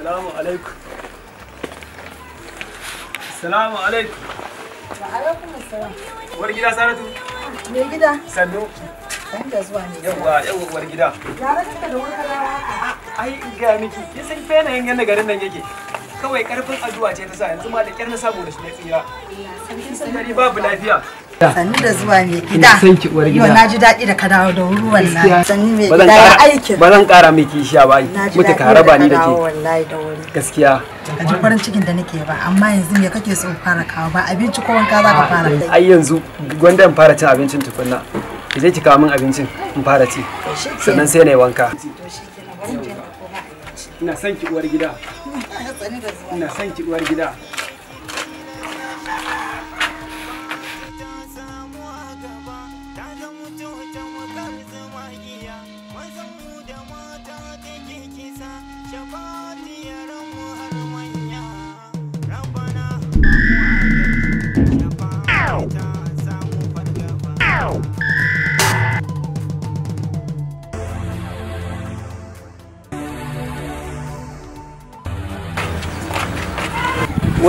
Assalamu alaikum. Assalamu alaikum. Wa alaikum assalam. War gida Saratu? Me gida? Sannu. Dan da zuwa ne. Yawwa, yawwa war gida. Yara kika da wani rawa. Ai ga miki, kin san fa yanayin yanda garin nan yake. Kawai karfin addu'a ce ta sa yanzu mada da na saboda shi ne tsira. babu lafiya. Sannu da zuwa mai gida san ki uwar gida na ji daɗi da ka dawo da wuri wallahi sanni mai gida ya aikin ba zan ƙara miki sha ba mutu ka raba ni da ke gaskiya a ji farin cikin da nake ba amma yanzu me kake so fara kawo ba abinci ko wanka za ka fara ah, ai yanzu gwanda in fara cin abincin tukunna ki je ki kawo min abincin in fara ci sannan sai na yi wanka ina son ki uwar gida ina son ki uwar gida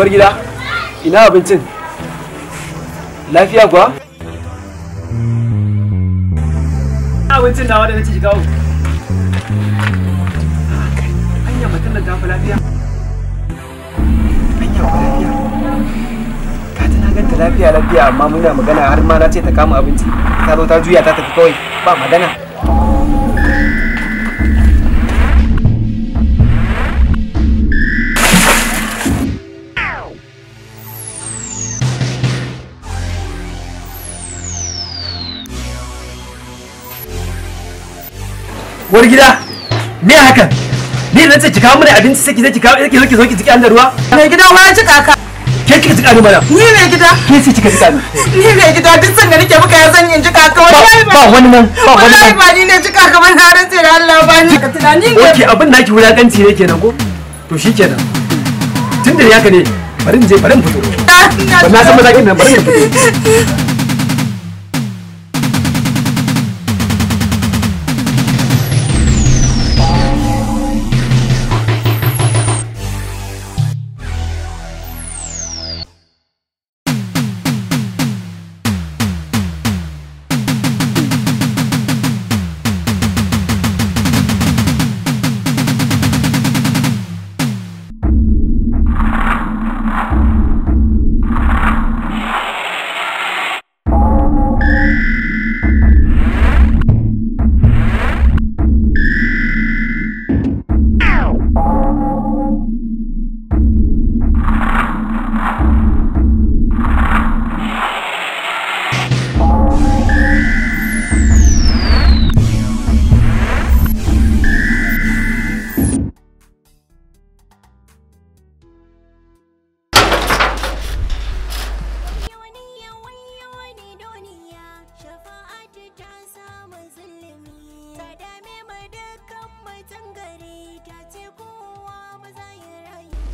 uwar gida ina abincin lafiya kuwa abincin nawa da ci shiga da lafiya lafiya lafiya lafiya amma muna magana har ma na ce ta kama abinci ta zo ta juya ta tafi kawai ba magana wani gida me hakan ni na ce ki kawo mana abinci sai ki zai ki kawo ki zo ki zo ki tsiki ruwa mai gida ya ci kaka ke kika tsika ni mana ni mai gida ke sai kika tsika ni ni mai gida duk sanda nake muka ya zan yin ji ka wallahi ba wani nan ba wani nan ba ni ne ji ka ban har sai da Allah ba ni ka tunani ne okay abin naki wulakanci ne kenan ko to shikenan tunda ya ka ne bari in je bari in fito ba ah, na san mazakin nan bari in fito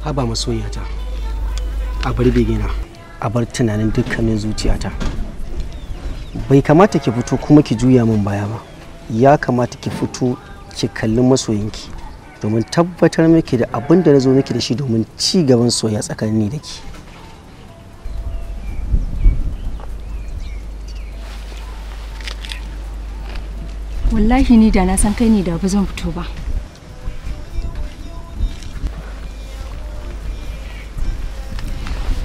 haba masoyata a bar begina a bar tunanin dukkanin zuciyata bai kamata ki fito kuma ki juya min baya ba ya kamata ki fito ki kalli masoyinki domin tabbatar miki da abin da na zo miki da shi domin ci gaban soya tsakanin da ki wallahi ni da na san kai ne da ba zan fito ba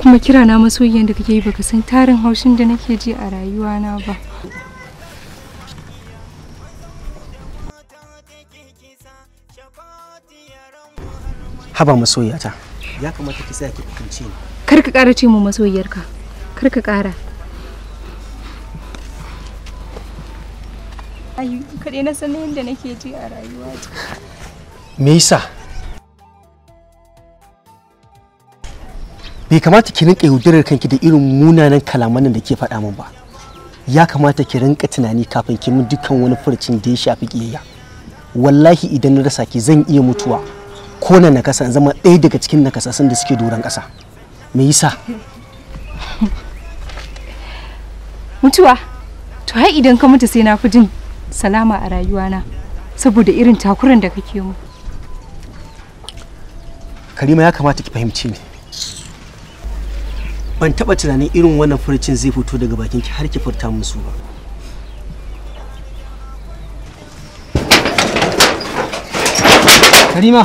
kuma kira na masoyiyan da kake yi baka san tarin haushin da nake ji a rayuwa na ba haba masoyiyata ya kamata ki tsaya ki ni kar ka ƙara ce mu masoyiyarka kar ka ƙara ayu kade na san yadda nake ji a rayuwa me yasa bai kamata ki rinka yaudarar kanki da irin munanan kalaman da ke faɗa min ba ya kamata ki rinka tunani kafin ki min dukkan wani furcin da ya shafi kiyayya wallahi idan na rasa ki zan iya mutuwa ko na nakasa zama ɗaya daga cikin nakasassun da suke doron ƙasa me yasa mutuwa to har idan ka mutu sai na fi jin salama a rayuwana saboda irin takuran da kake mu karima ya kamata ki fahimci ni ban taba tunanin irin wannan furcin zai fito daga bakin ki har ki furta musu ba Karima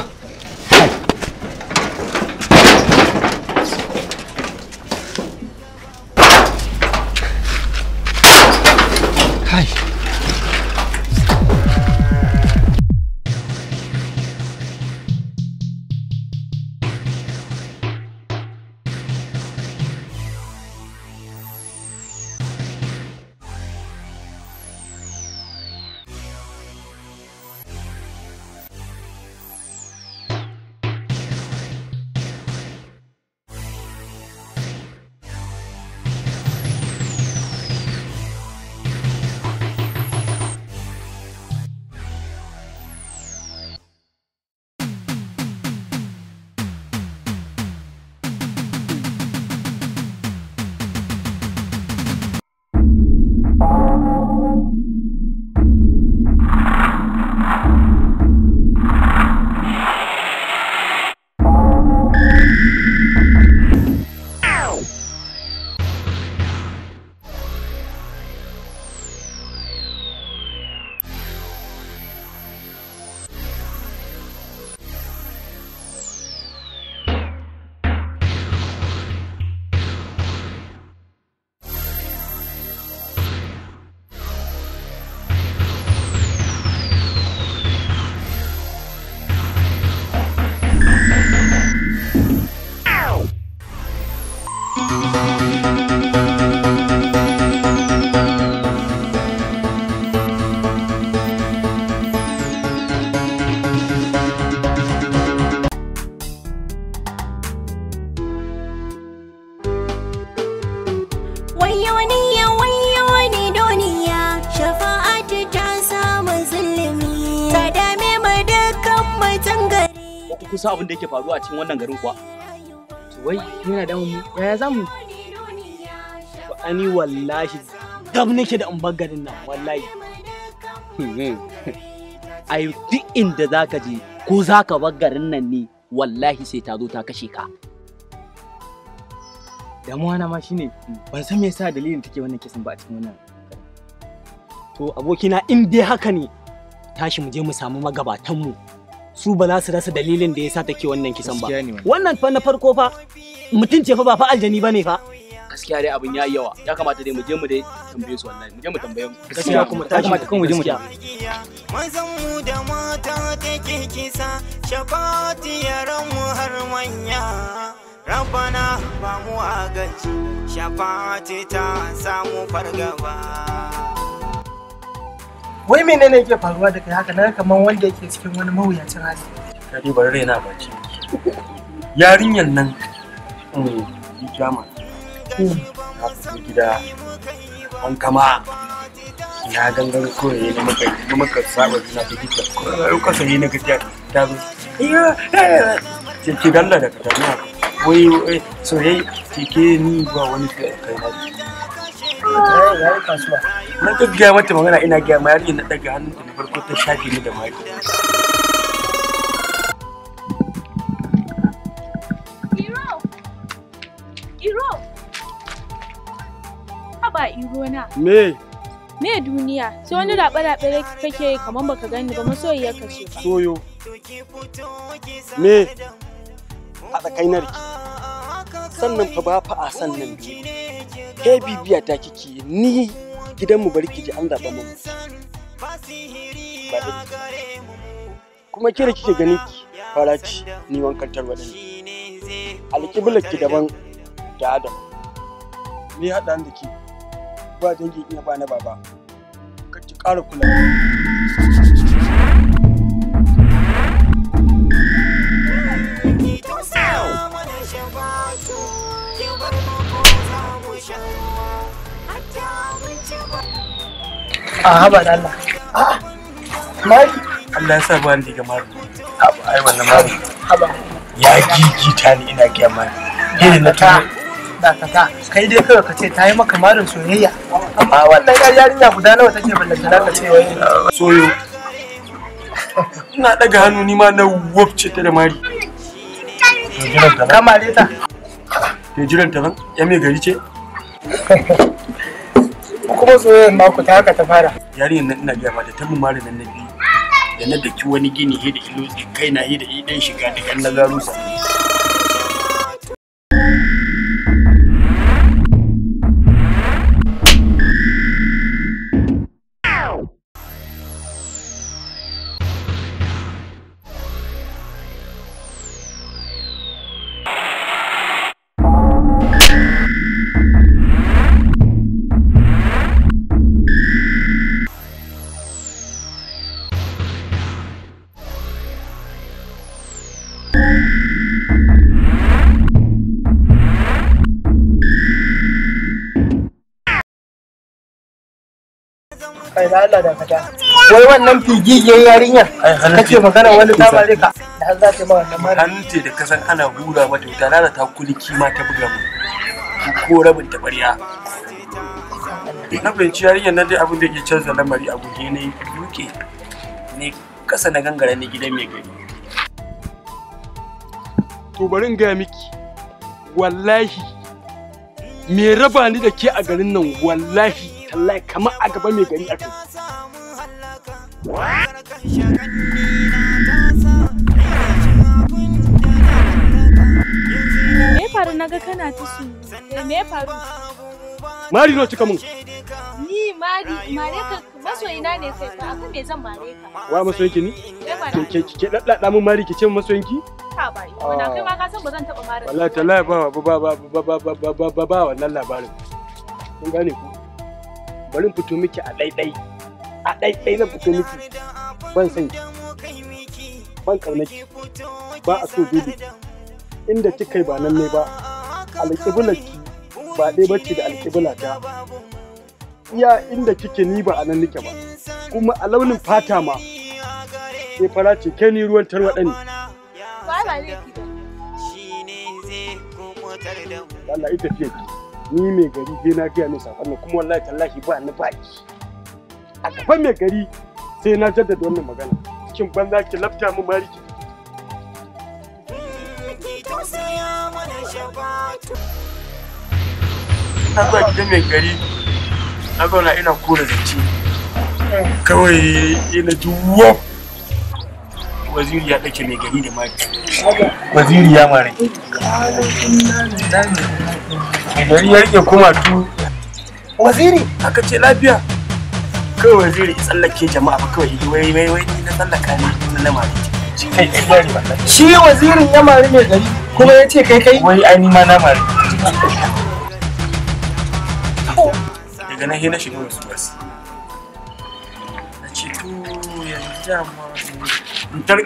kusa abin da yake faruwa a cikin wannan garin kuwa to wai yana da mu yaya za mu to ani wallahi dam nake da in bagarin nan wallahi hmm. A yi duk inda ka je ko za bar garin nan ne wallahi sai ta zo ta kashe ka damuwa na ma shine ban san me yasa dalilin take wannan kisan ba a cikin wannan to abokina in dai haka ne tashi mu je mu samu magabatanmu. mu su ba za su rasa dalilin da ya sa take wannan kisan ba wannan fa na farko fa mutum ce fa ba fa aljani bane fa gaskiya dai abin yayi yawa ya kamata dai mu je mu dai tambaye su wallahi mu je mu tambaye gaskiya kuma ta kamata kan mu je mu mazan mu da mata take kisa shafati ran mu har manya rabana ba mu agaji shafati ta samu fargaba wai menene yake faruwa da kai haka na kamar wanda yake cikin wani mawuyacin hali kare bari raina baki yarinyan nan mm, jama na fito gida an kama na gangar kawai na maka na maka saba na ta gida kawai kasa ne na gajiya ta zo ce ki dalla da ka ta wai soyayya ke ni ba wani kai na yayi kasuwa na gaggaya mata magana ina gaya ma yarinya na daga hannunta na farko ta shafe ni da mari Iro na. Me? Me duniya, sai wani raɓe-raɓe kake yi kamar baka gani ba masoyiyar ka ce ba. Soyo. Me? A tsakainar ki. Sannan fa ba fa a sannan biyu. eh bibiya ta kiki ni gidan mu bari kije an zaba mu kuma kira kike gani ki fara ci ni wankan tarwada alƙiblar ki daban da adam ni haɗa da ke ba dangi iya ba na baba ka ki ƙara kula a haba da Allah mari Allah ya sa ba ni ga mari haba ai wannan mari haba ya gigita ni ina ga mari irin na ta dakata kai dai kawai ka ce ta yi maka marin soyayya amma wannan yarinya guda nawa take ballantana ka ce wai soyo ina daga hannu ni ma na wafce ta da mari kamare ta ne jiran ta nan ya mai gari ce kuma yin mako ta haka ta fara yarinyar nan ina biya da ta mun mara nan na biyu da na daki wani gini he da ilo kai na he da idan shiga da kan nazarusa kai da Allah da kada wai wannan figigiyar yarinya kace magana wani ta bare ka da har za ta ma wannan mara da kasan ana hura mata wuta lana ta kuliki ma ta buga mu ko rabin ta bariya na fahimci yarinyar nan dai abin da ke canza lamari a guje ne duke ne kasa na gangara ne gidan mai gari to bari in gaya miki wallahi me raba ni da ke a garin nan wallahi wallahi kamar a gaba mai gari aka me faru na ga kana ta su me faru mari no cika mun ni mari mare ka masoyina ne sai ka abu me zan mare ka wa masoyinki ni ke ke ke daddada mun mari ke ce masoyinki ka bai wannan kai ma ka san ba zan taba Mare. wallahi tallahi ba ba ba ba ba ba ba ba ba wannan labarin kun gane ku bari fito miki a ɗaiɗai a ɗaiɗai na fito miki ban san ban ƙaunaki ba a so dubi inda kika yi ba nan ne ba alƙiblarki ba ɗaya bacci da alƙiblata iya inda kike ni ba a nan nike ba kuma a launin fata ma sai fara ce kai ni ruwan tarwaɗa ne Allah ita fiye ni mai gari sai na gaya min sakon nan kuma wallahi tallahi ba ni baki a gaban mai gari sai na jaddada wannan magana cikin banza ki lafta mu mari ki ta ba gidan mai gari na zauna ina kore da ci kawai ina juwo waziri ya ɗauke mai gari da mari waziri ya mare Gari ya rike kuma tu. Waziri aka ce lafiya. Kai waziri tsallake jama'a ba kawai wai wai wai na tsallaka ne na mari. Shi wazirin ya mari mai gari kuma ya ce kai kai. Wai ai ma na mari. Daga wasu wasu. Na ce yanzu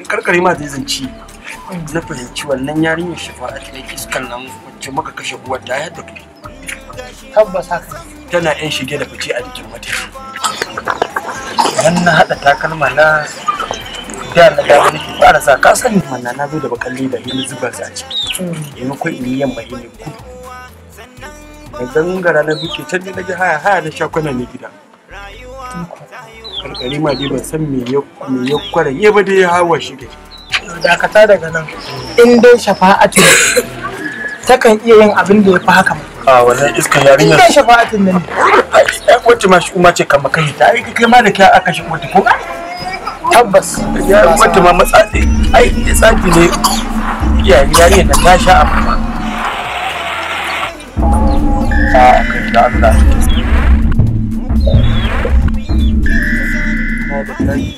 Karkare ma zai na fahimci wannan yarinyar a cikin iskar nan wacce muka kashe uwar ta yadda ku tabbas haka tana yan shige da fice a jikin mata wannan haɗa takalma na da na da nake fara sa ka sani manna na zo da bakalli da yin zuba sa Ni maimakon in yi yamma ne ku da gangara na buke can ne na ji haya haya na shakunan ne gida karkari ma dai ban san me ya kware ya ba da ya hawa shi dakata daga nan in dai shafa'atu takan iya yin abin da ya fi haka a wannan iskan yarinya ina shafa'atin nan wacce ma shi kuma ce kama kai ta ai kai ma da kai aka shi wata ko tabbas wacce ma matsatsi ai da tsaki ne ya yarinya da ta sha abu a kai da Allah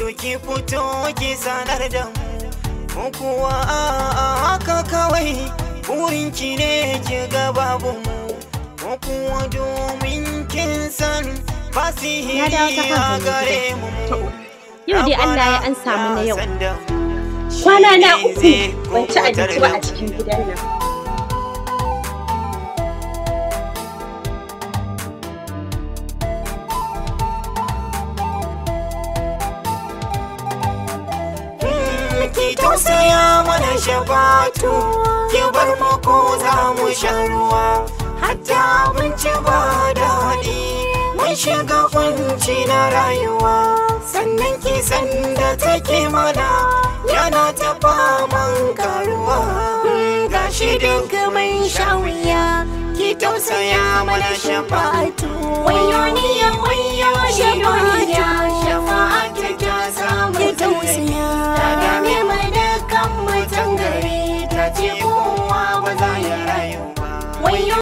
to ki fito ki sanar da mu kuwa haka kawai burinki ne ki ga babu mu kuwa domin kin san a gare mu yau dai Allah ya an samu na yau kwana na uku ban ci abinci ba a cikin gidan nan shafatu ki bar mako ko za mu sha ruwa hatta abinci ba daɗi mun shiga kwanci na rayuwa sannan kisan da take mana yana tafa man karuwa mm, gashi duk mun sha wuya ki tausaya mana shafatu wayo niya wayo shafatu shafa'atu ta samun tausaya ce kowa ba za ya rayu ba.